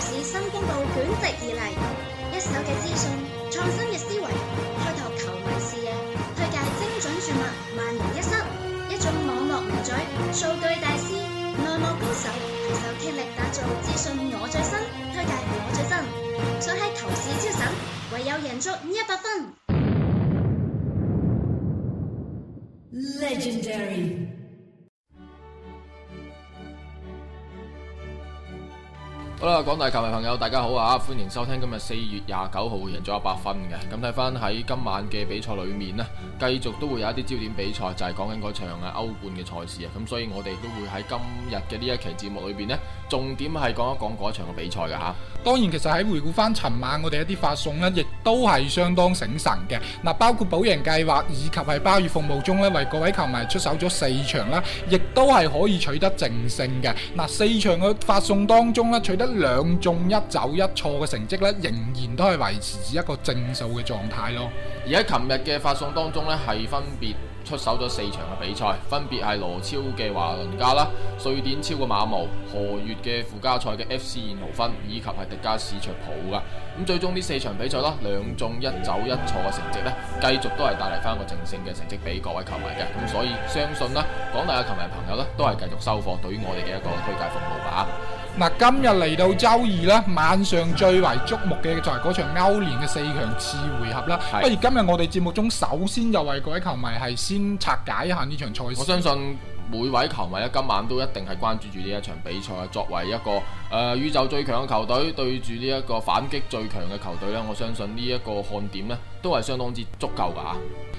是新公布捲席而嚟，一手嘅資訊，創新嘅思維，開拓球迷視野，推介精準注物，萬無一失。一種網絡名嘴，數據大師，內幕高手，攜手傾力打造資訊我最新，推介我最真，想喺投市超神，唯有贏足一百分。Legendary。好啦，廣大球迷朋友，大家好啊！歡迎收聽今日四月廿九號贏足 100FUN 嘅。咁睇翻喺今晚嘅比賽裏面呢，繼續都會有一啲焦點比賽，就係講緊嗰場嘅歐冠嘅賽事啊。咁所以我哋都會喺今日嘅呢一期節目裏邊呢，重點係講一講嗰場嘅比賽嘅吓。當然，其實喺回顧翻尋晚我哋一啲發送呢，亦都係相當醒神嘅。嗱，包括保盈計劃以及係包月服務中呢，為各位球迷出手咗四場啦，亦都係可以取得淨勝嘅。嗱，四場嘅發送當中呢，取得兩中一走一錯嘅成績咧，仍然都係維持住一個正數嘅狀態咯。而喺琴日嘅發送當中呢，係分別出手咗四場嘅比賽，分別係羅超嘅華倫加啦、瑞典超嘅馬毛、荷乙嘅附加賽嘅 FC 燕豪芬，以及係迪加史卓普噶。咁最終呢四場比賽啦，兩中一走一錯嘅成績呢，繼續都係帶嚟翻一個正勝嘅成績俾各位球迷嘅。咁所以相信咧，廣大嘅球迷朋友呢，都係繼續收貨對於我哋嘅一個推介服務吧。嗱，今日嚟到周二啦，晚上最為矚目嘅就係、是、嗰場歐聯嘅四強次回合啦。不如是今日我哋節目中首先就為各位球迷係先拆解一下呢場賽事，我相信每位球迷咧，今晚都一定係關注住呢一場比賽，作為一個誒、呃、宇宙最強嘅球隊對住呢一個反擊最強嘅球隊咧，我相信呢一個看點咧都係相當之足夠噶。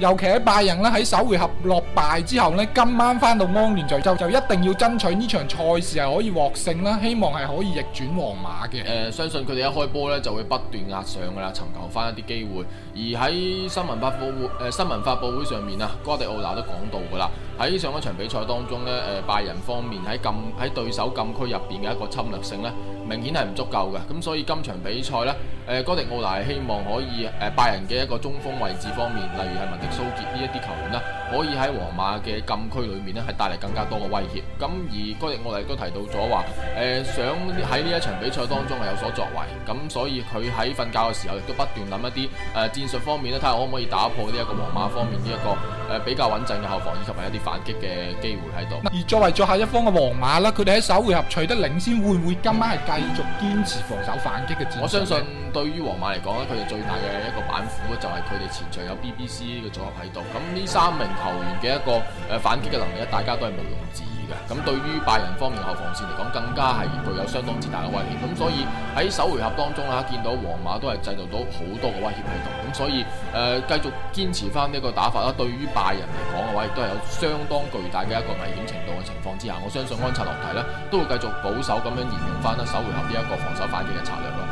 尤其喺拜仁咧喺首回合落敗之後咧，今晚返到安聯球場就，就一定要爭取呢場賽事係可以獲勝啦，希望係可以逆轉皇馬嘅。誒、呃，相信佢哋一開波呢就會不斷壓上㗎喇，尋求返一啲機會。而喺新聞發佈會誒、呃、新聞發佈會上面啊，哥迪奧拿都講到㗎喇，喺上一場比賽當中呢，誒、呃、拜仁方面喺禁喺對手禁區入邊嘅一個侵略性呢，明顯係唔足夠嘅。咁所以今場比賽呢。誒、呃、哥迪奧拿希望可以誒、呃、拜仁嘅一個中鋒位置方面，例如係文迪蘇傑呢一啲球員啦，可以喺皇馬嘅禁區裏面咧係帶嚟更加多嘅威脅。咁、嗯、而哥迪奧拿亦都提到咗話，誒、呃、想喺呢一場比賽當中係有所作為。咁、嗯、所以佢喺瞓覺嘅時候亦都不斷諗一啲誒、呃、戰術方面咧，睇下可唔可以打破呢一個皇馬方面呢、這、一個誒、呃、比較穩陣嘅後防，以及埋一啲反擊嘅機會喺度。而作為最後一方嘅皇馬啦，佢哋喺首回合取得領先，會唔會今晚係繼續堅持防守反擊嘅戰術？我相信。對於皇馬嚟講咧，佢哋最大嘅一個板斧咧，就係佢哋前場有 BBC 呢個組合喺度。咁呢三名球員嘅一個誒、呃、反擊嘅能力咧，大家都係毋庸置疑嘅。咁對於拜仁方面後防線嚟講，更加係具有相當之大嘅威脅。咁所以喺首回合當中啦，見到皇馬都係製造到好多嘅威脅喺度。咁所以誒、呃、繼續堅持翻呢個打法啦。對於拜仁嚟講嘅話，亦都係有相當巨大嘅一個危險程度嘅情況之下，我相信安切洛蒂咧都會繼續保守咁樣沿用翻啦首回合呢一個防守反擊嘅策略。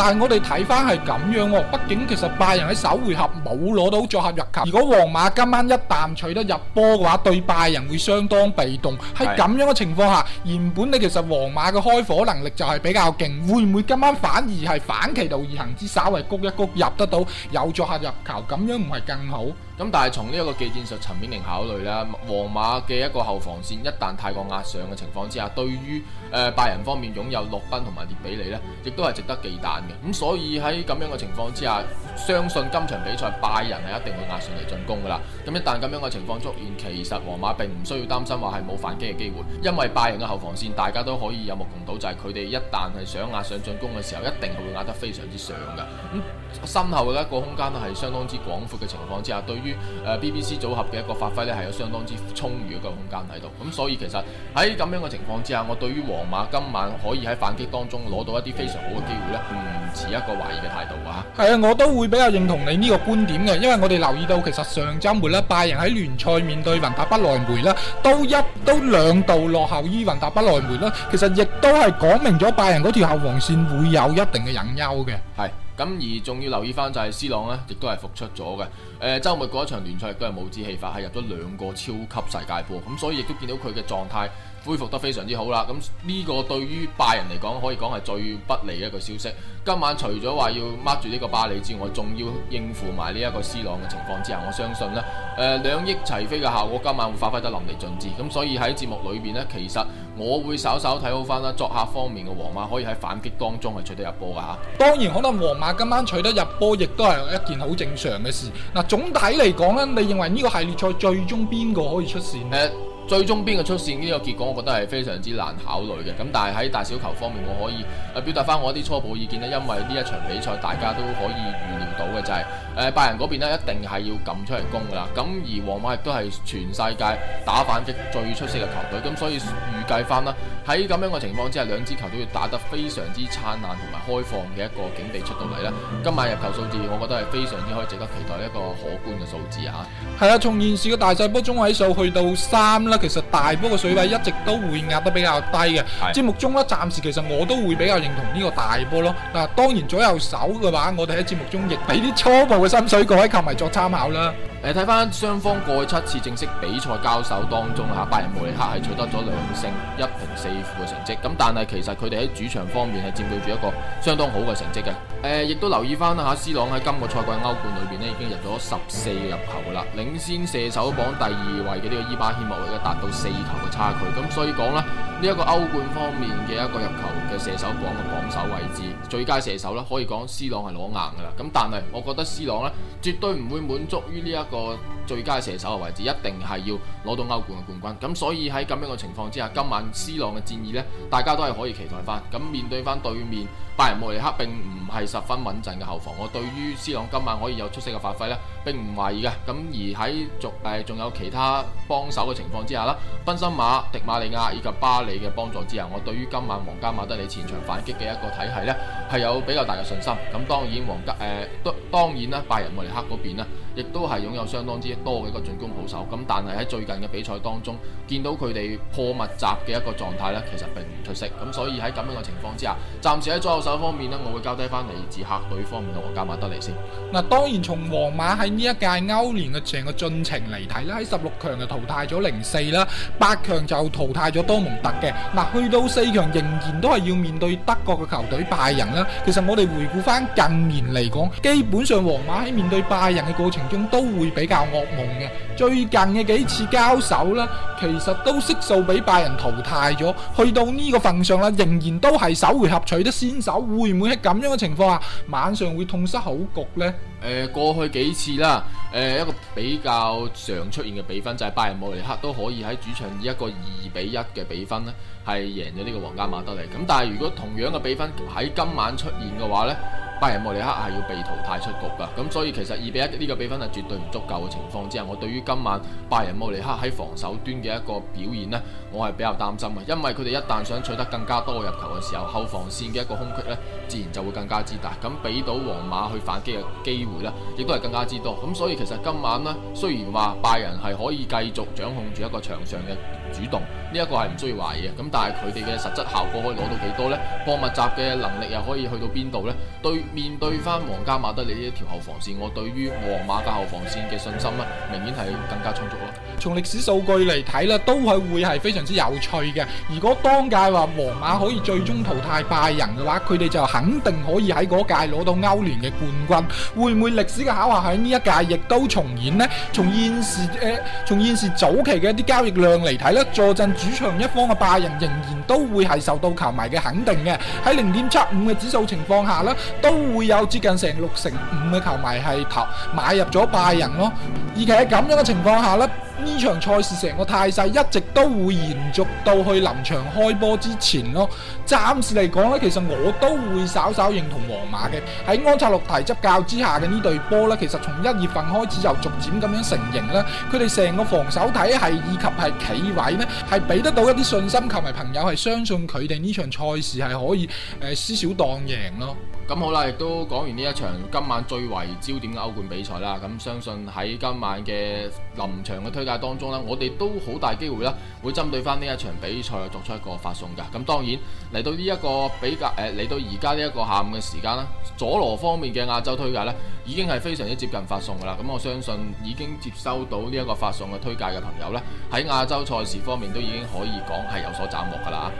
但係我哋睇翻係咁樣喎、哦，畢竟其實拜仁喺首回合冇攞到作客入球。如果皇馬今晚一旦取得入波嘅話，對拜仁會相當被動。喺咁是樣嘅情況下，原本你其實皇馬嘅開火能力就係比較勁，會唔會今晚反而係反其道而行之，稍為谷一谷入得到有作客入球，咁樣唔係更好？咁、嗯、但係從呢個技戰術層面嚟考慮咧，皇馬嘅一個後防線一旦太過壓上嘅情況之下，對於、呃、拜仁方面擁有洛賓同埋列比尼呢，亦都係值得忌憚嘅。咁、嗯、所以喺咁樣嘅情況之下。相信今場比賽拜仁係一定會壓上嚟進攻噶啦。咁一旦咁樣嘅情況出現，其實皇馬並唔需要擔心話係冇反擊嘅機會，因為拜仁嘅後防線大家都可以有目共睹，就係佢哋一旦係想壓上進攻嘅時候，一定係會壓得非常之上嘅。咁身後嘅一個空間係相當之廣闊嘅情況之下，對於誒 BBC 組合嘅一個發揮咧係有相當之充裕嘅一個空間喺度。咁所以其實喺咁樣嘅情況之下，我對於皇馬今晚可以喺反擊當中攞到一啲非常好嘅機會咧，唔持一個懷疑嘅態度啊，係啊，我都會。比較認同你呢個觀點嘅，因為我哋留意到其實上周末咧，拜仁喺聯賽面對雲達不萊梅啦，都一都兩度落後於雲達不萊梅啦，其實亦都係講明咗拜仁嗰條後防線會有一定嘅隱憂嘅。係，咁而仲要留意翻就係、是、C 朗咧，亦都係復出咗嘅。誒、呃，周末嗰一場聯賽亦都係冇止氣法，係入咗兩個超級世界波，咁所以亦都見到佢嘅狀態。恢復得非常之好啦，咁、這、呢個對於拜仁嚟講，可以講係最不利一個消息。今晚除咗話要掹住呢個巴里之外，仲要應付埋呢一個 C 朗嘅情況之下，我相信呢，誒兩億齊飛嘅效果今晚會發揮得淋漓盡致。咁、嗯、所以喺節目裏邊呢，其實我會稍稍睇好返啦。作客方面嘅皇馬可以喺反擊當中係取得入波㗎吓。當然，可能皇馬今晚取得入波，亦都係一件好正常嘅事。嗱、呃，總體嚟講呢，你認為呢個系列賽最終邊個可以出線呢？呃最終邊個出線呢、這個結果，我覺得係非常之難考慮嘅。咁但係喺大小球方面，我可以誒表達翻我一啲初步意見咧。因為呢一場比賽，大家都可以預料到嘅就係誒拜仁嗰邊咧一定係要撳出嚟攻噶啦。咁而皇馬亦都係全世界打反擊最出色嘅球隊。咁所以預計翻啦，喺咁樣嘅情況之下，兩支球都要打得非常之燦爛同埋開放嘅一個境地出到嚟咧。今晚入球數字，我覺得係非常之可以值得期待一個可觀嘅數字吓。係啊，從現時嘅大細波中位數去到三啦。其實大波嘅水位一直都會壓得比較低嘅。節是的 目中咧，暫時其實我都會比較認同呢個大波咯。嗱，當然左右手嘅話，我哋喺節目中亦俾啲初步嘅心水，各位球迷作參考啦。嚟睇翻雙方過去七次正式比賽交手當中啊,拜仁慕尼黑係取得咗兩勝一平四負嘅成績。咁但係其實佢哋喺主場方面係佔據住一個相當好嘅成績嘅。誒，亦、呃、都留意翻啦吓，C 朗喺今個賽季歐冠裏邊咧，已經入咗十四個入球噶啦，領先射手榜第二位嘅呢個伊巴希莫爾嘅達到四球嘅差距。咁所以講咧，呢、這、一個歐冠方面嘅一個入球嘅射手榜嘅榜首位置，最佳射手啦，可以講 C 朗係攞硬噶啦。咁但係，我覺得 C 朗咧絕對唔會滿足於呢一個最佳射手嘅位置，一定係要攞到歐冠嘅冠軍。咁所以喺咁樣嘅情況之下，今晚 C 朗嘅戰意咧，大家都係可以期待翻。咁面對翻對面。拜仁慕尼黑並唔係十分穩陣嘅後防，我對於斯朗今晚可以有出色嘅發揮咧，並唔懷疑嘅。咁而喺續誒仲有其他幫手嘅情況之下啦，賓施馬、迪馬利亞以及巴里嘅幫助之下，我對於今晚皇家馬德里前場反擊嘅一個體系咧，係有比較大嘅信心。咁當然皇家誒當當然啦，拜仁慕尼黑嗰邊呢亦都係擁有相當之多嘅一個進攻好手。咁但係喺最近嘅比賽當中，見到佢哋破密集嘅一個狀態咧，其實並唔出色。咁所以喺咁樣嘅情況之下，暫時喺方面呢，我會交低翻嚟自客隊方面同皇家馬德里嚟先。嗱，當然從皇馬喺呢一屆歐聯嘅成個進程嚟睇咧，喺十六強就淘汰咗零四啦，八強就淘汰咗多蒙特嘅。嗱，去到四強仍然都係要面對德國嘅球隊拜仁啦。其實我哋回顧翻近年嚟講，基本上皇馬喺面對拜仁嘅過程中都會比較噩夢嘅。最近嘅幾次交手呢，其實都悉數俾拜仁淘汰咗，去到呢個份上啦，仍然都係首回合取得先手。啊、會唔會係咁樣嘅情況啊？晚上會痛失好局呢？誒、呃，過去幾次啦，誒、呃，一個比較常出現嘅比分就係拜仁慕尼黑都可以喺主場以一個二比一嘅比分呢係贏咗呢個皇家馬德里。咁但係如果同樣嘅比分喺今晚出現嘅話呢？拜仁慕尼黑係要被淘汰出局噶，咁所以其實二比一呢個比分係絕對唔足夠嘅情況之下，我對於今晚拜仁慕尼黑喺防守端嘅一個表現呢，我係比較擔心嘅，因為佢哋一旦想取得更加多入球嘅時候，後防線嘅一個空隙呢，自然就會更加之大，咁俾到皇馬去反擊嘅機會呢，亦都係更加之多。咁所以其實今晚呢，雖然話拜仁係可以繼續掌控住一個場上嘅主動。呢一個係唔需要懷疑嘅。咁，但係佢哋嘅實質效果可以攞到幾多呢？破密集嘅能力又可以去到邊度呢？對面對翻皇家馬德里呢一條後防線，我對於皇馬嘅後防線嘅信心呢，明顯係更加充足咯。從歷史數據嚟睇呢，都係會係非常之有趣嘅。如果當屆話皇馬可以最終淘汰拜仁嘅話，佢哋就肯定可以喺嗰屆攞到歐聯嘅冠軍。會唔會歷史嘅巧合喺呢一屆亦都重演呢？從現時誒、呃，從現時早期嘅一啲交易量嚟睇呢。坐鎮主場一方嘅拜仁仍然都會係受到球迷嘅肯定嘅，喺零點七五嘅指數情況下咧，都會有接近成六成五嘅球迷係投買入咗拜仁咯，而且喺咁樣嘅情況下咧。呢場賽事成個態勢一直都會延續到去臨場開波之前咯。暫時嚟講咧，其實我都會稍稍認同皇馬嘅喺安切洛蒂執教之下嘅呢隊波咧，其實從一月份開始就逐漸咁樣成型啦。佢哋成個防守體系以及係企位咧，係俾得到一啲信心，球迷朋友係相信佢哋呢場賽事係可以誒輸少當贏咯。咁好啦，亦都講完呢一場今晚最為焦點嘅歐冠比賽啦。咁相信喺今晚嘅臨場嘅推。界當中呢，我哋都好大機會啦，會針對翻呢一場比賽作出一個發送噶。咁當然嚟到呢一個比較誒，嚟、呃、到而家呢一個下午嘅時間啦，佐羅方面嘅亞洲推介呢，已經係非常之接近發送噶啦。咁我相信已經接收到呢一個發送嘅推介嘅朋友呢，喺亞洲賽事方面都已經可以講係有所斬獲噶啦。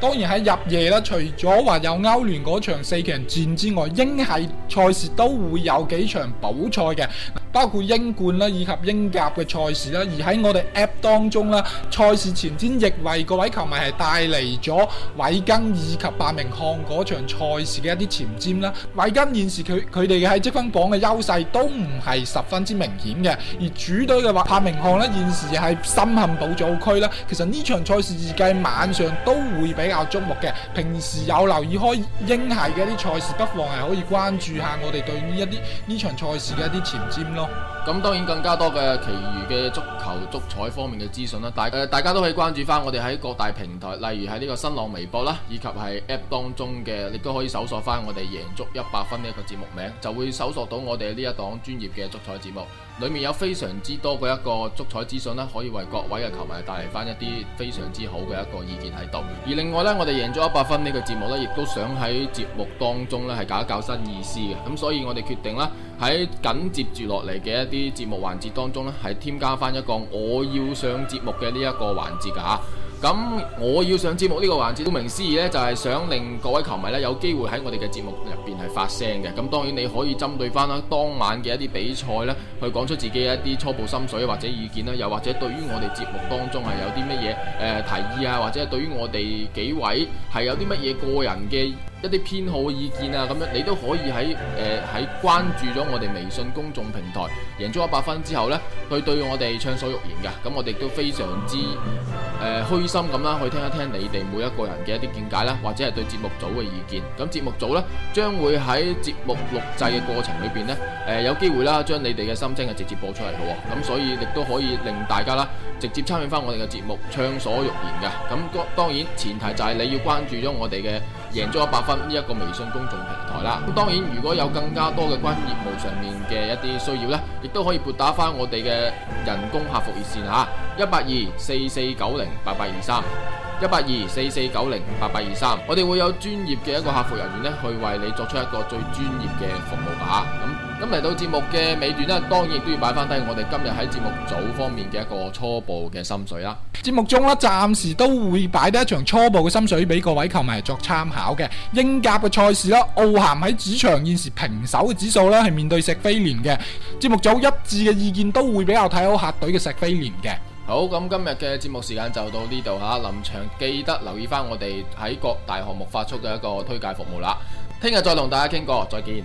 當然喺入夜啦，除咗話有歐聯嗰場四強戰之外，英系賽事都會有幾場補賽嘅。包括英冠啦以及英甲嘅賽事啦，而喺我哋 A P P 當中啦，賽事前瞻亦為各位球迷係帶嚟咗韋根以及柏明翰嗰場賽事嘅一啲前瞻啦。韋根現時佢佢哋喺積分榜嘅優勢都唔係十分之明顯嘅，而主隊嘅話柏明翰咧現時係深陷保組區啦。其實呢場賽事預計晚上都會比較矚目嘅。平時有留意開英系嘅一啲賽事，不妨係可以關注下我哋對呢一啲呢場賽事嘅一啲前瞻咯。咁當然更加多嘅其餘嘅足球足彩方面嘅資訊啦，大誒、呃，大家都可以關注翻我哋喺各大平台，例如喺呢個新浪微博啦，以及係 App 當中嘅，亦都可以搜索翻我哋贏足 100FUN 呢一個節目名，就會搜索到我哋呢一檔專業嘅足彩節目。裏面有非常之多嘅一個足彩資訊啦，可以為各位嘅球迷帶嚟翻一啲非常之好嘅一個意見喺度。而另外呢，我哋贏足 100FUN 呢個節目呢，亦都想喺節目當中呢係搞一搞新意思嘅。咁所以我哋決定啦，喺緊接住落嚟嘅一啲節目環節當中呢，係添加翻一個我要上節目嘅呢一個環節㗎嚇啊。咁我要上節目呢個環節，顧名思義呢，就係想令各位球迷呢，有機會喺我哋嘅節目入邊係發聲嘅。咁當然你可以針對翻啦，當晚嘅一啲比賽咧，去講出自己一啲初步心水或者意見啦，又或者對於我哋節目當中係有啲乜嘢誒提議啊，或者對於我哋幾位係有啲乜嘢個人嘅。一啲偏好嘅意見啊，咁樣你都可以喺誒喺關注咗我哋微信公眾平台，贏咗一百分之後呢去對我哋暢所欲言嘅。咁我哋都非常之誒虛、呃、心咁啦，去聽一聽你哋每一個人嘅一啲見解啦，或者係對節目組嘅意見。咁節目組呢，將會喺節目錄製嘅過程裏邊呢，誒、呃、有機會啦，將你哋嘅心聲係直接播出嚟嘅喎。咁所以亦都可以令大家啦，直接參與翻我哋嘅節目暢所欲言嘅。咁、那個、當然前提就係你要關注咗我哋嘅。贏足 100FUN 呢一個微信公眾平台啦！咁當然，如果有更加多嘅關於業務上面嘅一啲需要呢，亦都可以撥打翻我哋嘅人工客服熱線吓，一八二四四九零八八二三，一八二四四九零八八二三，我哋會有專業嘅一個客服人員呢，去為你作出一個最專業嘅服務啊！咁、嗯。咁嚟到節目嘅尾段呢，當然都要擺翻低我哋今日喺節目組方面嘅一個初步嘅心水啦。節目中呢，暫時都會擺低一場初步嘅心水俾各位球迷作參考嘅。英甲嘅賽事啦，奧咸喺主場現時平手嘅指數呢，係面對錫菲聯嘅。節目組一致嘅意見都會比較睇好客隊嘅錫菲聯嘅。好，咁今日嘅節目時間就到呢度吓，臨場記得留意翻我哋喺各大項目發出嘅一個推介服務啦。聽日再同大家傾過，再見。